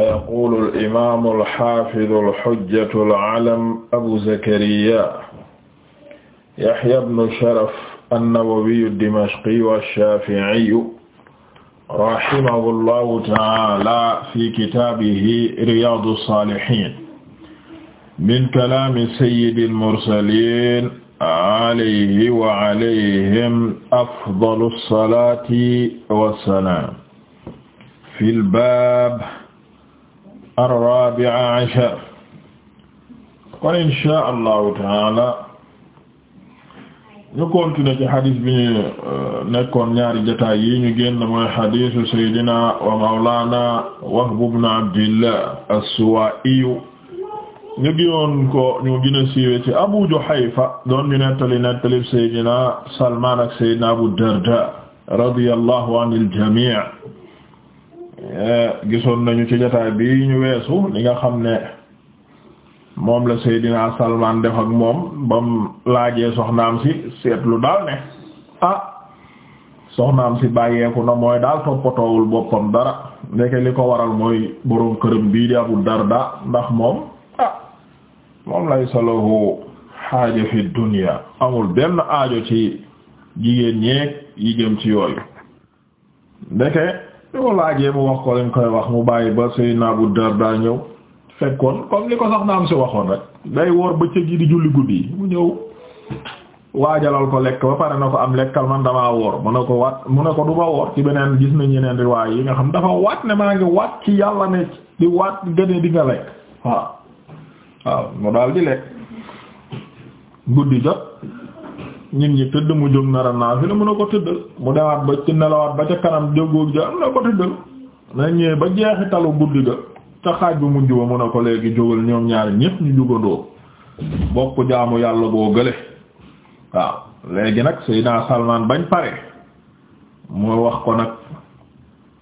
yaqulu al-imaamu al-haafidu al-hujjatu al-alam abu zakariya yahya ibnu sharaf an-nawawiyu ad-dimashqiyu ash-shaafi'iyu rahimahullahu ta'aala fi kitaabihi riyaadu saalihiin min kalaami sayyidil mursaliin alayhi wa alayhim afdalu salaati wa salaam fil baab ar-rabi'a ashar kon insha allahu taala ñu continuer ci xadis bi ñu euh, nekkoon ñaari jotaay yi ñu génn mooy xadisu saydina wa mawlana Wahb ibn Abdillah as-Suwa'i ñu gënoon ko ñu gën a siiwee ci Abu Juhayfa doon ñu nettali nettali saydina Salman ak saydina Abu Darda radiyallahu anil jami' Eh, gisoon nañu ci jotaay bi ñu weesu li nga xam ne moom la dinaa Salman def ak moom bam laajee soxnaam si seetlu daal ne ah soxnaam si bàyyeeku na mooy daal toppatoowul boppam dara ndeke li ko waral mooy boroom këram bii di Abu Darda ndax moom ah moom lay salahu xaaja fi dunya amul benn aajo ci jigéen ñeeg yi jëm ci yooyu ndeke li ko laajee mu wax ko lañ koy wax mu bàyyi ba Seydina Abu Darda ñëw fekkoon comme li ko na am si waxoon rek day woor bëccëg yi di julli guddi yi mu ñëw waajalal ko lekk ba pare na ko am lekkal man dama woor mu ne ko waat mu ne ko du ma woor ci beneen gis nañ yeneen riwaay yi nga xam dafa waat ne maa ngi waat ci yàlla ne di waat gëne di nga lekk waaw waaw mu daal di lekk guddi jot nit ñi tëdd mu jóg nar a naafila mu ne ko tëddal mu demaat ba ci nelawaat ba ca kanam jógóog ja mu tëddal na ñëwee ba jeexitalu guddi ga ca xaaj bu mujj ba mu ne ko léegi jógal ñoom ñaar ñépp ñu jugandoo bokk jaamu yàlla boo gële waaw léegi nag Seydina Salman bañ pare moo wax ko nag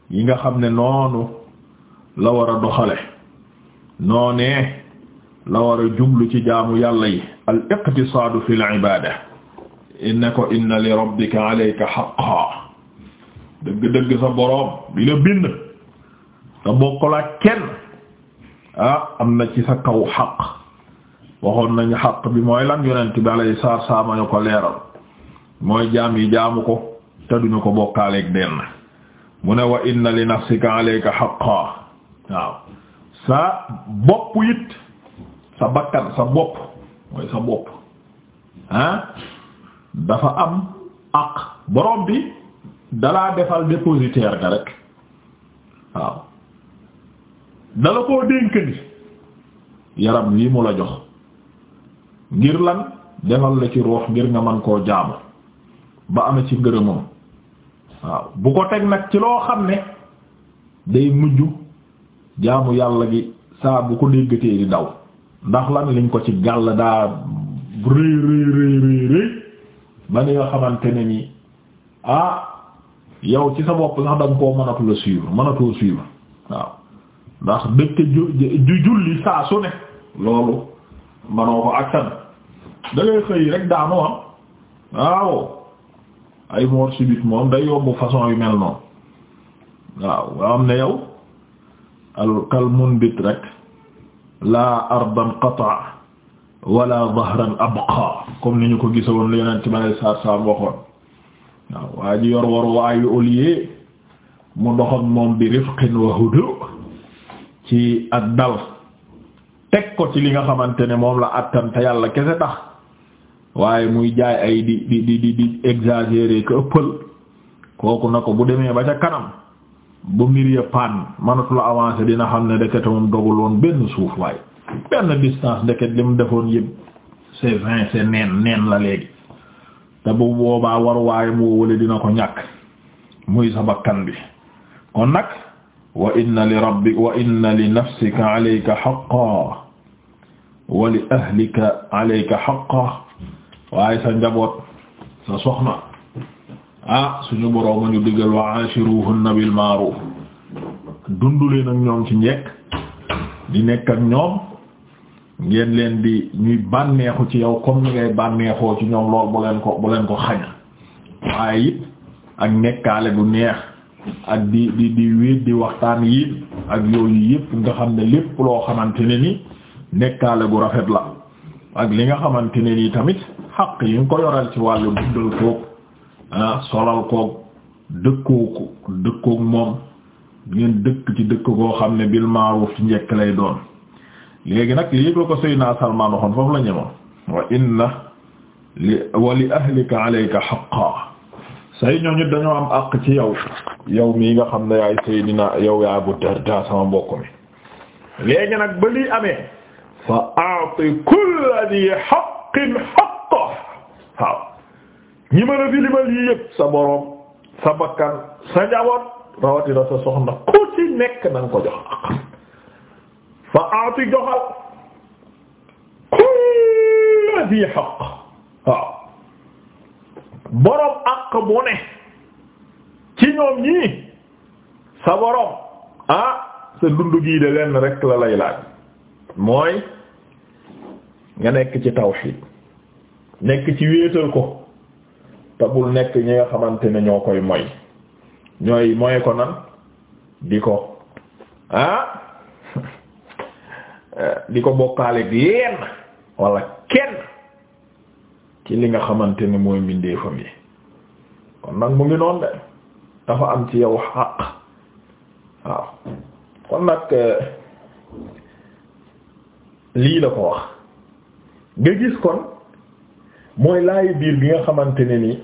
yi nga xam ne noonu la war a doxale noonee la war a jublu ci jaamu yàlla yi al iqtisaadu fil ibaada inna ko inna li rabbika alayka haqqan dëgg-dëgg sa boroom bi la bind te bokkul ak kenn ah, am na ci sa kaw xaq waxoon nañu xaq bi mooy lan yonent bi alayhi salaatu salaam ñu ko leeral mooy jaam yi jaamu ko te duñu ko bokkaaleeg denn mu ne wa inna li nafsika alayka sa bopp it sa bakkan sa bopp mooy sa bopp ah dafa am ak borom bi dalaa defal dépositaire nga rek waaw dala koo dénk ni yaram wi mu la jox ngir lan demal la ci roox ngir nga mën koo jaamu ba ame ci ngërëmam waaw bu ko teg nag ci loo xam ne day mujj jaamu yàlla gi saa bu ko déggatee di daw ndax lan liñ ko ci gàll daa rëy rëy rëy ba ni nga xamante ne ni ah yow ci sa bopp sax da koo mënatu la suivre mënatoo suivre waaw ndax dëkk ju julli saa su ne loolu manoo ko aktan da ngay xëy rek daanu ah. waaw ay mort subite moom day yomb façon yu mel noonu waaw nga am ne yow al kal munbit rek la ardan qata wala dahran abqa comme ni ñu ko gisoon li yonent bi alayhi salaatu waxoon waa ji yor war waayu au lieu mu dox moom bi rifqin wa hudu ci ak dal teg ko ci li nga xamante ne moom la àttan te yàlla kese tax waaye muy jaay ay di di di exagérer ko ëppal kooku na ko bu demee ba ca kanam bu mbir paan mënatu la avancer dina xam ne dekete moom dogul woon benn suuf waaye benn distance ndeket li mu defoon yëpp c'est vingt c'est neen neen la léegi te bu boobaa war waayam woowale dina ko ñàkk muy sa bakkan bi kon nag wa inna li rabbika wa inna li nafsika alayka haqqan wa li ahlika alayka haqqan waaye sa njaboot sa soxna ah suñu borooma ñu digal wa ashiruhunna bil ma'ruf dunduleen ak ñoom ci njekk di nekk ak ngeen leen di ñuy bànneexu ci yow comme ni ngay bànneexoo ci ñoom lool bu leen ko bu leen ko xaña waaye it ak nekkaale bu neex ak di di di wéet di waxtaan yi ak yooyu yépp nga xam ne lépp loo xamante ne ni nekkaale bu rafet la ak li nga xamante ne ni tamit xaq yi nga ko yoral ci wàllu dundal koog ah, solal koog dëkkoog dëkkoog moom ngeen dëkk ci dëkk koo xam ne bil ci njekk lay doon léegi nag lii ko ko Seydina Salmaan waxoon foofu la ñemoon wa inna li wa li ahlika alayka haqqan say ñooñu dañoo am ci yow mii nga xam ne yaay Seydina yow yaa Abu Darda sama mbokk mi amee fa a'ti kulla di haqqin haqqahu ñi mën a fi limal yi yëpp sa boroom sa bakkan sa njaboot rawatina sa soxna ku ci nekk na ko jox fa aati joxal kulla di xaq waaw àq bu ne ci ñoom ñii sa boroom ah sa dund gii de lenn rek la lay laaj mooy nga nekk ci tawxiid nekk ci wéetal ko te nekk ñi nga xamante ne ñoo koy moy ñooy moy ko nan di ko ah di ko bokkaaleeg yenn wala kenn ci li nga xamante ne mooy mbindeefam yi kon nag mu ngi noonu de dafa am ci yow xaq waaw kon nag eh, lii la ko wax nga gis kon mooy laayi biir bi nga xamante ne ni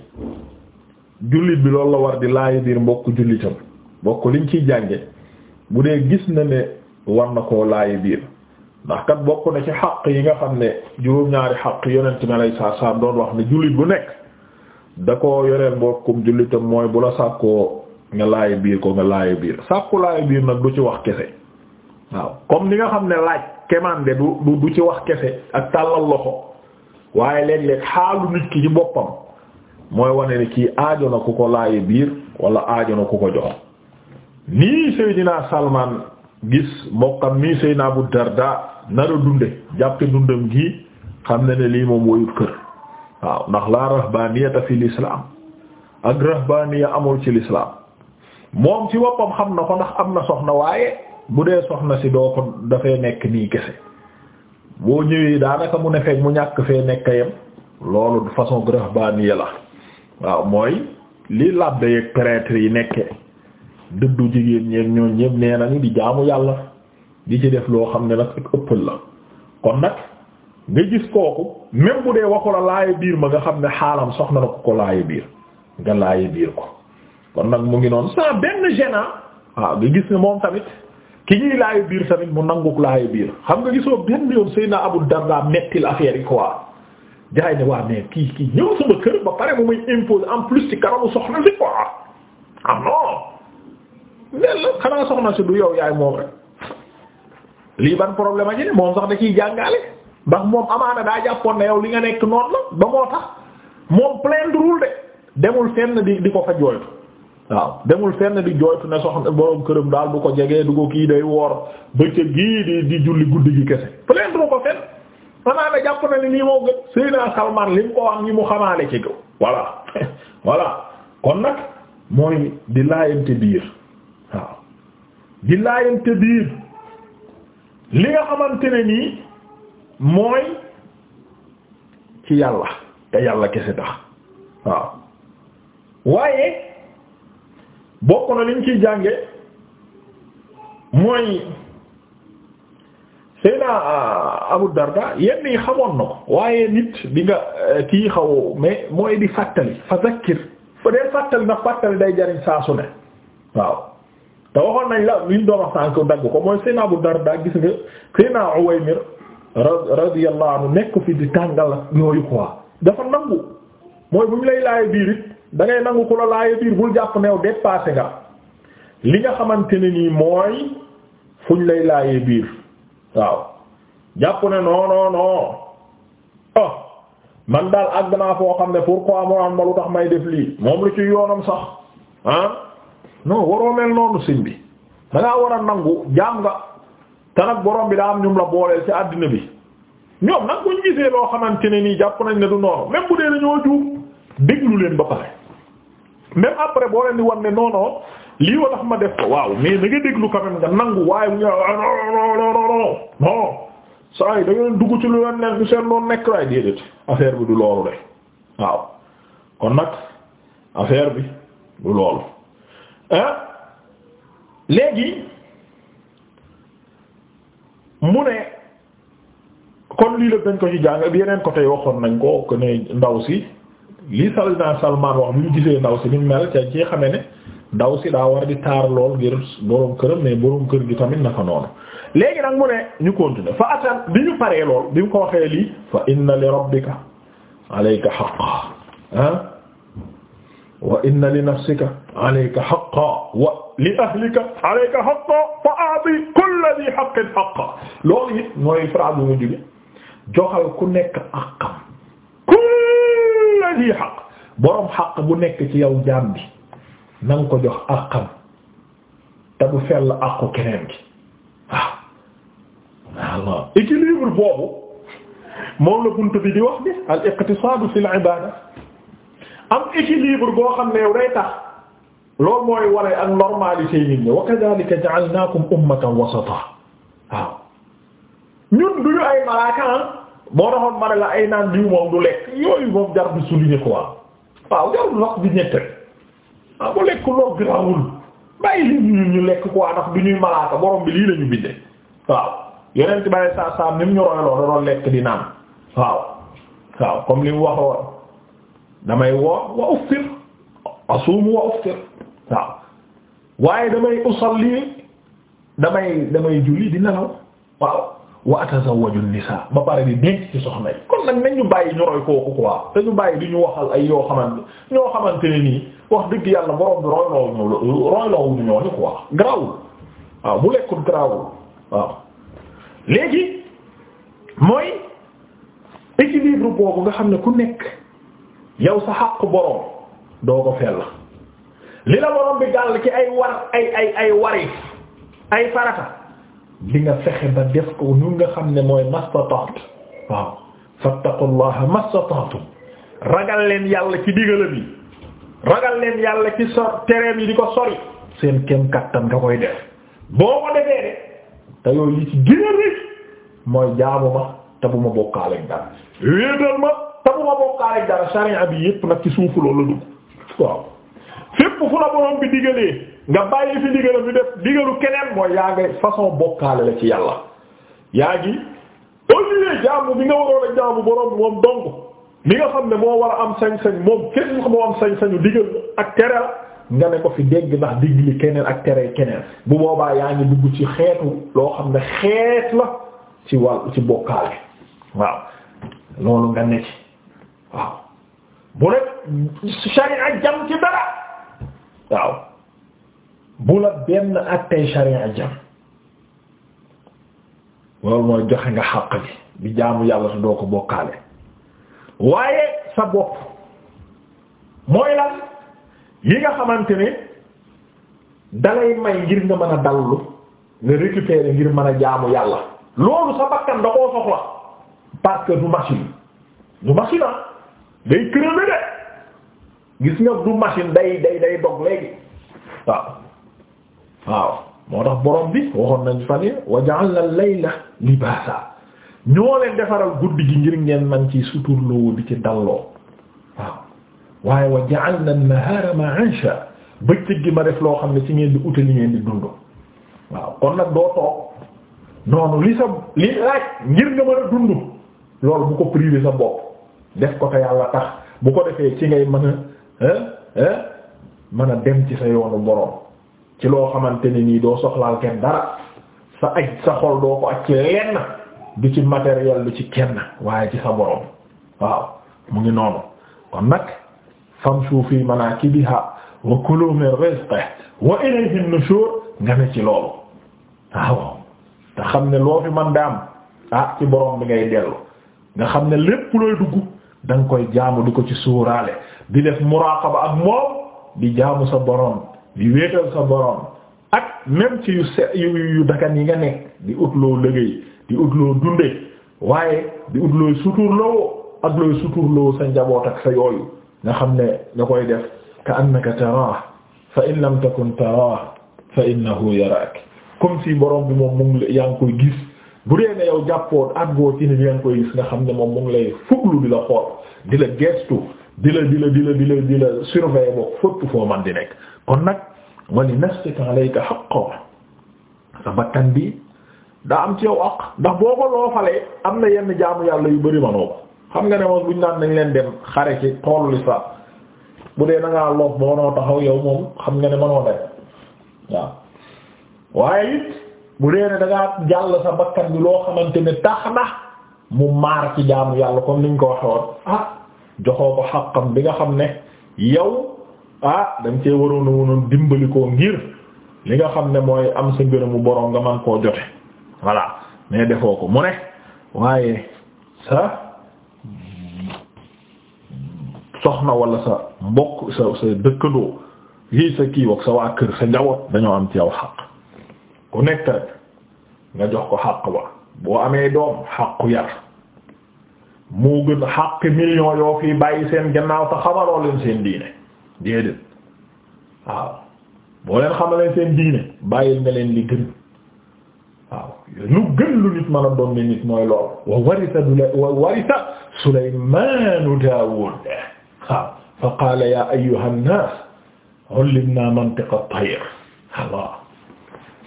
jullit bi loolu la war di laayi biir mbokk jullitam mbokk liñ ciy jànge bu dee gis na ne war na koo laayi biir ndax kat bokk na ci xaq yi nga xam ne juróom-ñaari xaq yonent mi alayhi salaam doon wax ne jullit bu nekk da ko yoreel mbokkum jullitam mooy bu la sàkkoo nga laay biir ko nga laay biir sàkku laay biir nag du ci wax kese waaw comme ni nga xam ne laaj kemande du du ci wax kese ak tàllal loxo waaye léeg-léeg xaalu nit ki ci boppam mooy wane ni kii aajo na ku ko laay biir wala aajo na ku ko jox nii Seydina Salman gis mbokkam mi Seydina Abu Darda nar a dunde jàppe dundam gi xam ne ne lii moom woyut kër waaw ndax laa rahbaniyata fi l'islam ak rahbaniya amul ci l'islam moom ci woppam xam na ko ndax am na soxna waaye bu dee soxna si doo ko dafay nekk nii kese boo ñëwee daanaka mu ne fekk mu ñàkk fee nekk yem loolu façon rahbaniya la waaw mooy li làbbe yeek prêtre yi nekke dëddu jigéen ñeeg ñoo ñëpp nee nañu di jaamu yàlla di ci def loo xam ne nag ak ëppal la kon nag nga gis kooku même bu dee waxu la laaye biir ma nga xam ne xaalam soxna na ko ko laaye biir nga laaye biir ko kon nag mu ngi noonu sans benn gênant waaw nga gis ne moom tamit ki ñuy laaye biir tamit mu nanguk laaye biir xam nga gisoo benn yoon Seydina Abu Darda mettil affaire yi quoi jaay ne waa mais kii kii ñëw sama kër ba pare mu muy imposer en plus ci leen la xanaa soxna si du yow yaay moom rek lii ban problème a ci ne moom sax da ciy jàngale ndax moom amaana daa jàppoon ne yow li nga nekk noonu la ba moo tax moom plaindrewul de demul fenn di di ko fa jooytu waaw demul fenn di jooytu na soxna borom këram daal du ko jege du ko kii day woor bëccëg gii di di julli guddi gi kese plaindrewu ko fenn amaana jàpp na ni lii moo gën Seydina Salman li mu ko wax ñi mu xamaale ci kaw voilà kon nag mooy di laayante di laayante biir li nga xamante ne nii mooy ci yàlla te yàlla kese tax waaw waaye bokk na liñ ciy jànge mooy Seyna Abu Darda yenn yi xamoon na ko waaye nit di nga eh, kii xaw mais mooy di fàttali fa zakkir fa dee fàttali na fàttali day jariñ saasu su ne waaw te waxoon nañ la liñ doon wax sànq dagg ko mooy Seydina Abu Darda gis nga Seydina Uwaymir radiyallahu anhu nekk fi di tàngal ak ñooyu quoi dafa nangu mooy bu ñu lay laaye biir it da nangu ku la laaye biir bul jàpp neew dépassé nga li nga xamante ni nii mooy fu ñu lay laayee biir waaw jàpp ne non ah, man daal àgg naa foo xam ne pourquoi mu am ma lu tax may def lii moom lu ci yoonam sax ah. non waroo mel noonu sëñ bi da war a nangu jaam nga te nag borom bi daa am ñum la booleel ci àddina bi ñoom nag bu ñu gisee loo xamante ne nii jàpp nañ ne du noonu même bu dee dañoo juum déglu leen ba pare même après boo leen di wan ne lii wala xam ma def ko waaw mais da nga déglu quand même nga nangu waaye non non non non saa yi da dugg ci lu leen neex du seen loolu nekk laay déedéet affaire bi du loolu de waaw kon nag affaire bi du loolu. léegi mu ne kon lii la dañ ko ci jàng bi yeneen côté waxoon nañ ko que ne ndaw si li Sayyidina Salmaan wax bi ñu gisee ndaw si ni mel ca ci xame ne ndaw si daa war di taar lool ngir boroom këram mais boroom kër gi tamit naka noonu léegi nag mu ne ñu continuer fa atan bi ñu paree lool bi mu ko waxee lii fa inna li rabbika alayka haqqan wa inna li nafsika alayka haqqan wa li ahlika alayka haqqan fa a'ti kulla dhi haqqin haqqan loolu it mooy phrase bu mujj bi joxal ku nekk àqam kulla dhi haqq borom xaq bu nekk ci yow jaam bi na nga ko jox àqam te bu fell àqu keneen gi waaw Allah équilibre boobu moom la buntu bi di wax bi al iqtisaad fil ibaada am équilibre boo xam ne yow day tax loolu mooy waree ak normalité nit ñi wa kadhalika ja'alnakum ummatan wasata waaw ñun du ñu ay malaakaan ah boo taxoon ma ne la ay naan diw moom du lekk yooyu moom jar bi souligner quoi waaw jarul wax bi ñett waaw bu lekk loo grawul bàyyi li ñun ñu lekk quoi ndax du ñuy malaaka borom bi lii la bindee waaw yeneen ci bàyyi saa saa ni mu ñu royaloo da doon lekk di naan waaw waaw comme li mu waxoon. damay woor wa uftir asuum wa uftir waaw waaye damay usalli damay damay julli di nelaw waaw wa atazawwaju nisaa nag nañ ñu bàyyi ñu roy kooku quoi te ñu bàyyi di ñu waxal ay yoo xamante ñoo xamante ne nii wax dëgg yàlla borom bi royloo ñu royloo ñu ñooñu quoi garaawul waaw bu lekkul garaawul waaw léegi mooy équilibre boobu nga xam ne ku nekk. yow sa xàqu borom doo ko la li la borom bi gàll ci ay war ay ay wari ay farata li nga fexe ba def ko nu nga xam ne mooy mastatat waaw fattaqullaha mastata'tum ragal leen yàlla ci digala bi ragal leen yàlla ci sor tereem yi di ko sori seen kem kattan nga koy def boo ko defee de te yooyu ci gën mooy jaamu ma te bu ma bokkaale dara wéetal ma du ma yépp nag ci suufu loolu la dugg waaw façon bokkaale la ci yàlla yaa ngi bi nga waroon a jaamu borom moom dong mi nga xam ne moo war am sañ-sañ moom kenn moo am sañ-sañu digal ak tere nga ne ko fi dégg ndax digli keneen ak tere keneen bu boobaa yaa ngi dugg ci xeetu loo xam ne xeet la ci wàll ci bokkaale waaw loolu nga ne ci waaw bu la sharia jam ci dara waaw bu la benn attey sharia jam loolu mooy joxe nga xàq bi bi jaamu yàlla su doo ko bokkaale waaye sa bopp mooy lan yi nga xamante ni dalay may ngir nga mën a dallu nga récupérer ngir mën a jaamu yàlla loolu sa bakkan da koo soxla parce que du machine du machine ah. day crevé de gis nga du machine day day day dog léegi waaw waaw moo tax borom bi waxoon nañ fan yi wa ja'alna al-layla libaasa ñoo leen defaral guddi gi ngir ngeen man ci suturloo di ci dalloo waaw waaye wa ja'alna an-nahaara ma'aasha bëccëg gi ma def loo xam ne ci ngeen di ute li ngeen di dund waaw kon nag doo toog noonu li sa li laaj ngir nga mën a dund loolu bu ko privé sa bopp def ko te yàlla tax bu ko defee ci ngay mën a mën a dem ci sa yoonu boroom ci loo xamante ne nii doo soxlaal kenn dara sa aj sa xol doo ko aj ci lenn du ci matériel du ci kenn waaye ci sa boroom waaw mu ngi noonu kon nag famshu fi manakibiha wa kulu min rizqihi wa ilayhi an-nushur nga ne ci loolu waaw te xam ne loo fi man daam ah ci boroom bi ngay dellu nga xam ne lépp looy dugg da nga koy jaamu di ko ci suuraale di def muraqaba ak moom di jaamu sa borom di wéetal sa borom ak même ci yu se yu dakan yi nga nekk di ut loo liggéey di ut loo dunde waaye di ut looy suturloo ak looy suturloo sa njaboot ak sa yooyu nga xam ne nga koy def ka annaka taraah fa in lam takun taraah fa innahu yaraak comme si borom bi moom mu ngi yaa ngi koy gis bu dee na yow jàppoo at boo ci ni ngeen koy gis nga xam ne moom mu ngi lay fuglu di la xool di la gestu di la di la di la di la di la surveiller boo fëpp foo man di nekk kon nag wali nafsika alayka haqqan sa bakkan bi daa am ci yow ak ndax boo ko loofalee am na yenn jaamu yàlla yu bari manoo ko xam nga ne moom naan nañ leen dem xare ci toolu lislaam bu dee da ngaa loof ba mënoo taxaw yow moom xam nga ne mënoo dem waaw waaye it bu dee ne da ngaa jàll sa bakkan bi loo xamante ne tax na mu maar ci jaamu yàlla comme niñ ko waxe woon ah joxoo ko xaqam bi nga xam ne yow ah dañ cee waroon a wonoon dimbali koo ngir li nga xam ne mooy am sa ngërëmu boroom nga man koo jote voilà mais defoo ko mu ne waaye sa soxna wala sa mbokk sa sa dëkkandoo yi sa kii wak sa waa kër sa njaboot dañoo am ci yow xaq ku nekk jox ko xàq ba boo amee doom xàqu yar mu gën xàq million yoo fi bàyyi seen gannaaw te xamaloo leen seen diine déedéet waaw boo leen xamalee seen diine bàyyil nga leen li gën waaw lu gën lu nit mën a doon ne mooy lool wa warisa dula wa warisa ya ayyuha an-nas ullimna mantiqa at-tayr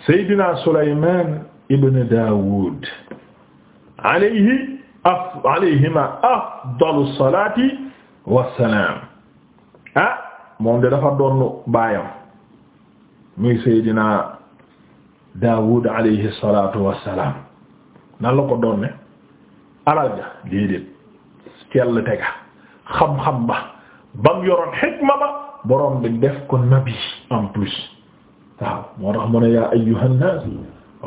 Seydina Sulaymaan ibn Daawuud alayhi af alayhima afdalu salaati wassalaam ah moom de dafa doon baayam muy Seydina Daawuud alayhi salaatu wassalaam nan la ko doon ne alal ja déedéet kell tega xam-xam ba bam yoroon xikma ba boroom bi def ko nabi en plus waaw moo tax mu ne yaa ayyuhan naas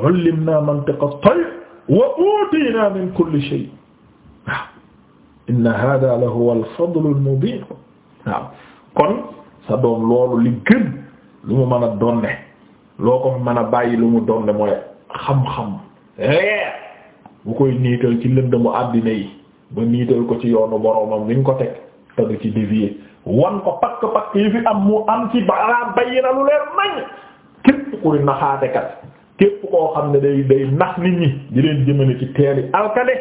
ullimnaa mantiqa at-tayr wa uutiinaa min kulli shay waaw inna haadaa lahuwa al-fadlu al-mubiin waaw kon sa doom loolu li gën lu mu mën a donne loo ko mën a bàyyi lu mu donne mooy xam-xam leer koy niital ci lëndëmu àddina yi ba niital ko ci yoonu boroomam li ñu ko teg te du ci dévier wan ko pakk pakk fi am mu am ci balaa bayyi na lu leer nañ kuy naxaatekat képp koo xam ne day day nax nit ñi di leen jëmale ci teeli alkade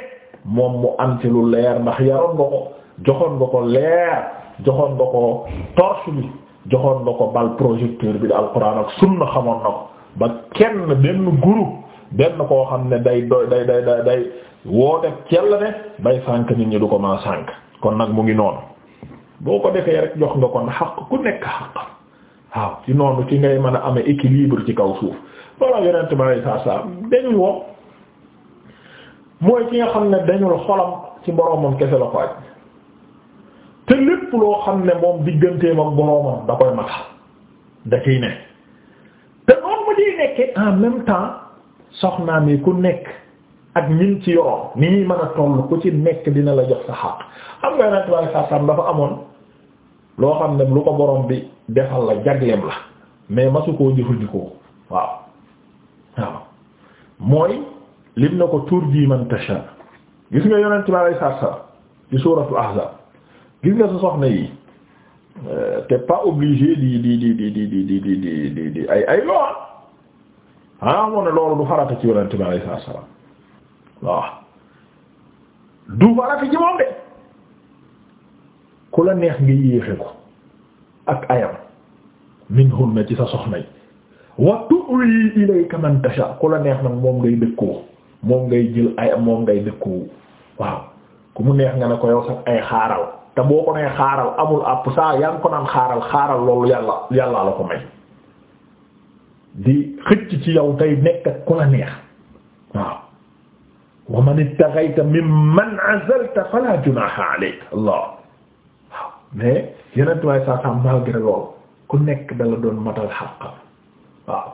moom mu am ci lu leer ndax yaroon nga ko joxoon nga ko leer joxoon nga ko torche bi joxoon nga ko bal projecteur bi di alquran ak sunna xamoon na ko ba kenn benn groupe benn koo xam ne day doy day day day day woo def cell ne bay sànk nit ñi du ko ma sànk kon nag mu ngi noonu boo ko defee rek jox nga kon xaq ku nekk xaq waaw ci noonu ki ngay mën a amee équilibre ci kaw suuf loolu yonent ma lay saa saa dañu mooy ki nga xam ne dañul xolam ci boromam kese la ko aj te lépp loo xam ne moom digganteem ak boromam da koy matal da ne te noonu mu ciy nekke en même temps soxnaam yi ku nekk ak ñin ci yoroon ni ñuy mën a toll ku ci nekk dina la jox sa xaq xam nga yonent ma lay saa dafa amoon loo xam ne lu ko borom bi defal la jagleem la mais masu koo jëfandikoo waaw waaw mooy lim na ko tur di man tasha gis nga yonent bi alay saat salam ci suratul ahzab gis nga sa soxna yi t'es pas obligé di di di di di di di di di di ay ay lool ah moo ne loolu du farata ci yonent bi alay saat waaw du farata ci moom de ku la neex ngi yéexe ko ak ayam min hunna ci sa soxna yi wa tu'li ilayka man tasha ku la neex nag moom ngay dëkkoo moom ngay jël ayam moom ngay dëkkoo waaw ku mu neex nga ne ko yow sax ay xaaral te boo ko nee amul àpp saa yaa ngi ko naan xaaral xaaral loolu yàlla yàllaa la ko may di xëcc ci yow tey nekk ak ku la neex waaw wa man ittaghayta mimman azalta fala junaha alayka waaw mais yeneen tubaab saa saa malgré loolu ku nekk dala doon matal xàqam waaw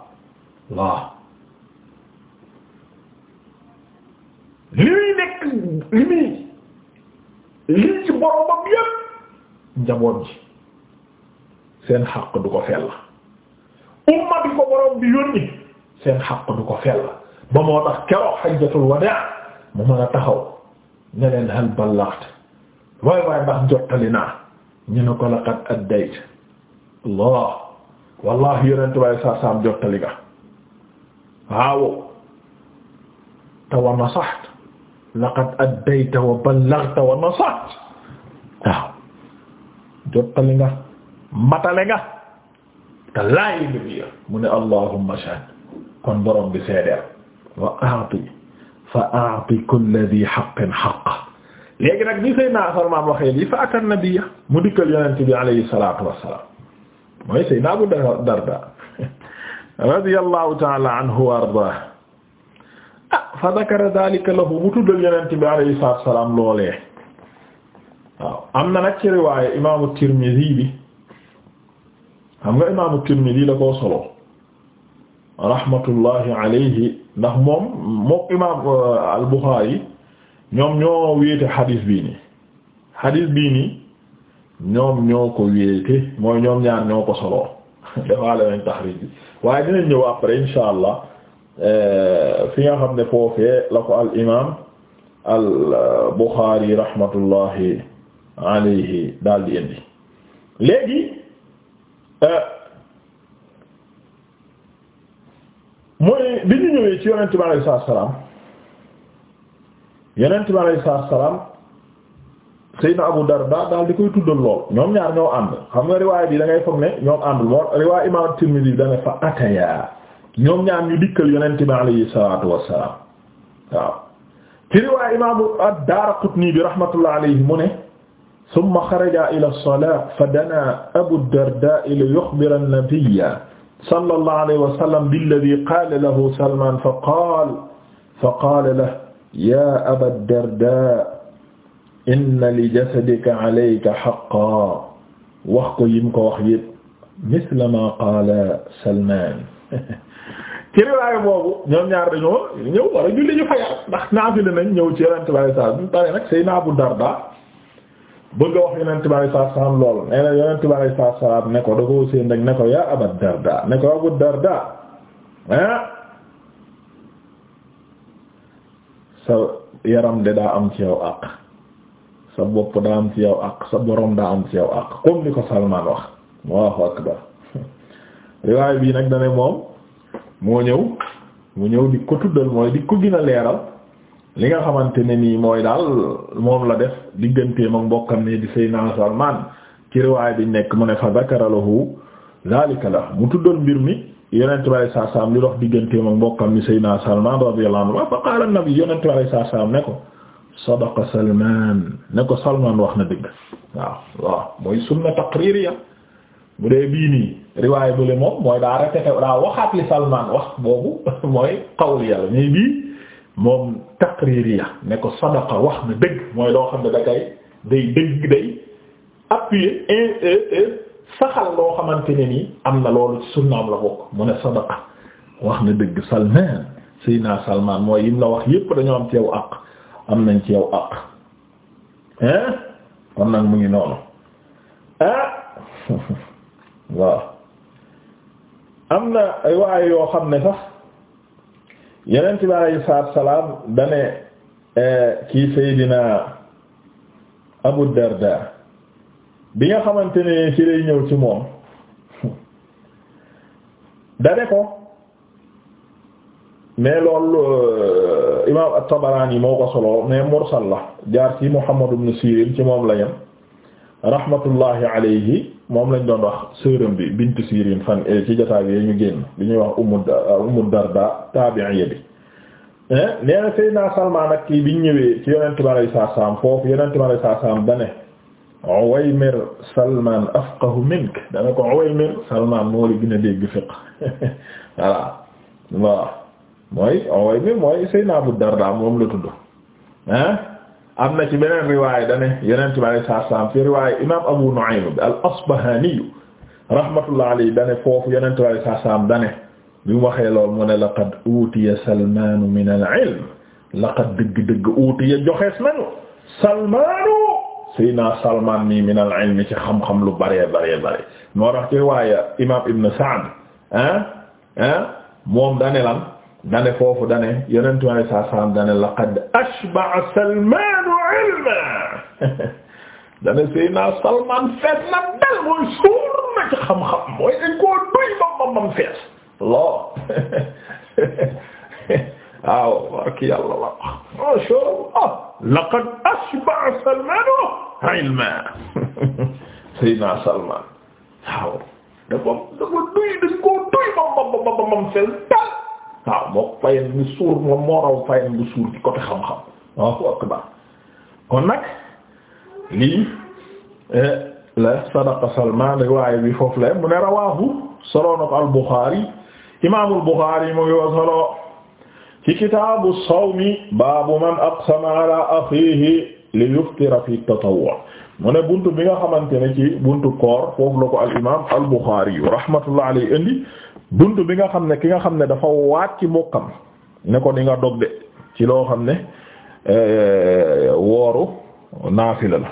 waaw li muy nekk li muy lii ci boromam yépp njaboot ji seen xàq du ko fel umma bi ko borom bi yónni seen xàq du ko fel ba moo tax keroog xajjatul wadaa mu mën a taxaw ne hal ballaxt waay waay ndax jottali naa ñu ne ko laqad addayt Allah wallahi yonent waaye saa saam jottali nga waaw te wa nasaxt laqad addayta wa ballaghta wa nasaxt waaw jottali nga matale nga te laayi nga biir mu ne allahumma shahid kon borom bi seedeel wa a'ti fa a'ti kulli dhi haqqin haqqahu léegi nag bi Seydina Salmaan waxee lii fa atan nabiyya mu dikkal yonent bi alayhi salaatu wassalaam mooy Seydina Abu Darda radiyallahu ta'ala anhu wa ardaahu ah fa dakara daalika lahu mu tuddal yonent bi alayhi salaatu wassalaam loolee waaw am na nag ci riwaaya imaamu Tirmidhi bi xam nga imaamu Tirmidhi la koo solo rahmatullahi alayhi ndax moom mook imaam euh, al-Bukhari ñoom ñoo wéete xadiis bii nii xadiis bii nii ñoom ñoo ko wéete mooy ñoom ñaar ñoo ko soloo defaale nañ taxriij bi waaye dinañ ñëw après insha allah euh, fi nga xam ne foofee la ko al imaam al Buxaari daal di indi léegi euh, mooy bi ñu ñëwee ci yonent bi salaam yeneen bi alayhi salaam Seydina Abu Darda daal di koy tuddal lool ñoom ñaar ñoo ànd xam nga riwaay bi da ngay foog ne ñoom àndul moo riwaay imaam Tirmidhi bi da nga fa ataya ñoom ñaar ñu dikkal yonent bi alayhi salaatu wassalaam waaw ci riwaay imaam ad-Daaraqutni bi rahmatullah alayhi mu ne summa xaraja ila as-salaa fa danaa Abu Darda li yuxbira an-nabiyya sallallahu alayhi wa sallam billadhi qaala lahu Salmaan fa qaala fa qaala lahu yaa aba darda inna li jasadika alayka haqqan wax ko yim ko wax yépp misla ma qaala salman ci riwaaya boobu ñoom ñaar dañoo ñëw war a julli ñu fayaat ndax naafila nañ ñëw ci yonent bi sallallahu alayhi wasallam bi pare nag Seydina Abu Darda bëgg a wax yonent bi sallallahu alayhi wasallam lool nee na yonent bi sallallahu alayhi wasallam ne ko da ko séen rek ne ko yaa aba darda ne ko abu darda ah sa yaram de daa am ci yow àq sa bopp daa am ci yow àq sa borom daa am ci yow àq comme ni ko Salman wax Allahu akbar riwaay bii nag dane moom moo ñëw mu ñëw di ko tuddal mooy di ko gën leeral li nga xamante ne nii mooy daal moom la def digganteem ak mbokkam nii di Seydina Salman ci riwaay bi nekk mu ne fa zakaralahu zalika la mu tuddal mbir mi yonent bi alayhi salaatu salaam li dox digganteem ak mbokkam ni Seydina Salman radiyallahu anhu fa qaala an-nabi yonent bi alayhi salaatu salaam ne ko sadaqa wax na dëgg waaw waaw mooy sunna taqririya bu dee bii nii riwaay bu le moom mooy daa répété daa waxaat li Salman wax boobu mooy qawliya la mais bii moom taqririya ne ko sadaqa wax na dëgg mooy loo xam ne da kay day dëgg day appuyer saxal loo xamante ne nii am na loolu ci sunnaam la bokk mu ne sadaqa wax na dëgg Salman Seydina Salman mooy yim la wax yépp dañoo am ci yow àq am nañ ci yow mu ngi noonu ah na ay waaye yoo xam ne sax yeneen ci bi aleyhi salaam dane eh, kii Seydina Abu Darda bi nga xamante ne ci lay ñëw ci moom dane ko mais loolu euh, imaam at-Tabarani moo ko solo mais mursal la jaar ci Muhammad ibn Sirin ci moom la ñam rahmatullahi alayhi moom lañ doon wax sërëm bi bint Sirin fan eh, ci jotaay bi ñu génn bi ñuy wax Ummu Ummu Darda tabi'iyya bi eh, nee na Seydina Salman ak kii biñ ñëwee ci yonent bi alayhi salaam foofu yonent bi alayhi salaam dane Uwaymir Salman afqahu mink dana ko Uwaymir Salman moo la gën a dégg fiqh voilà waaw mooy Uwaymir mooy Seydina Abu Darda moom la tudd ah am na ci beneen riwaay da ne Yonent bi alayhi salaatu wa salaam fi riwaay imaam Abu Nu'aym bi al-Asbahaani rahmatullahi alayhi da ne foofu Yonent bi alayhi salaatu wa salaam da ne bi mu waxee lool mu ne laqad uutiya Salmaanu min al-ilm laqad dëgg-dëgg uutiya joxees nañu Salmaanu sayna salman nii min al ilmi ci xam-xam lu bëree bëree bëri moo tax ci riwaaya imam ibn Sa'd ah moom dane lan foofu dane yonentu mi alei saat salaam dane laqad ashba'a suur na ci xam-xam mooy dañ koo duy mam mam mam fees loo waaw barki yàlla la wax ma sha Allah laqad ashba'a salmanu ilma Seydina Salman waaw dafa dafa nag lii eh, la sadaqa Salman riwaaya bi foofu la ne rawaahu soloo na al-Bukhari imaamul Bukhari mu ngi wa solo ci kitaabu sawmi baabu man aqsama ala akhihi li yuftira fi tatawwu mu ne buntu bi nga xamante ne ci buntu koor foofu la ko al imaam al buxaari yu rahmatullah alayhi indi buntu bi nga xam ne ki nga xam ne dafa waat ci mbokkam ne ko di nga dog de ci loo xam ne eh, wooru naafila la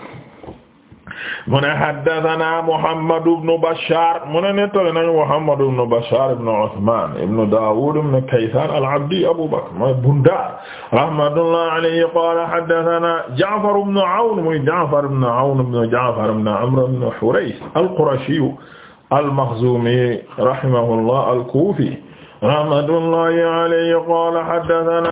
mu ne haddathana Muhammad ibn Bashar mu ne nettali nañu Muhammad ibn Bashar ibn Uthman ibn Dawud ibn Kaysan al-Abdi Abu Bakr mooy Bundar rahmatullahi alayhi qala haddathana Ja'far ibn Awn muy Ja'far ibn Awn ibn Ja'far ibn Amr ibn Hurayth al-Qurashi al-Makhzumi rahimahullah al-Kufi rahmatullahi alayhi qala haddathana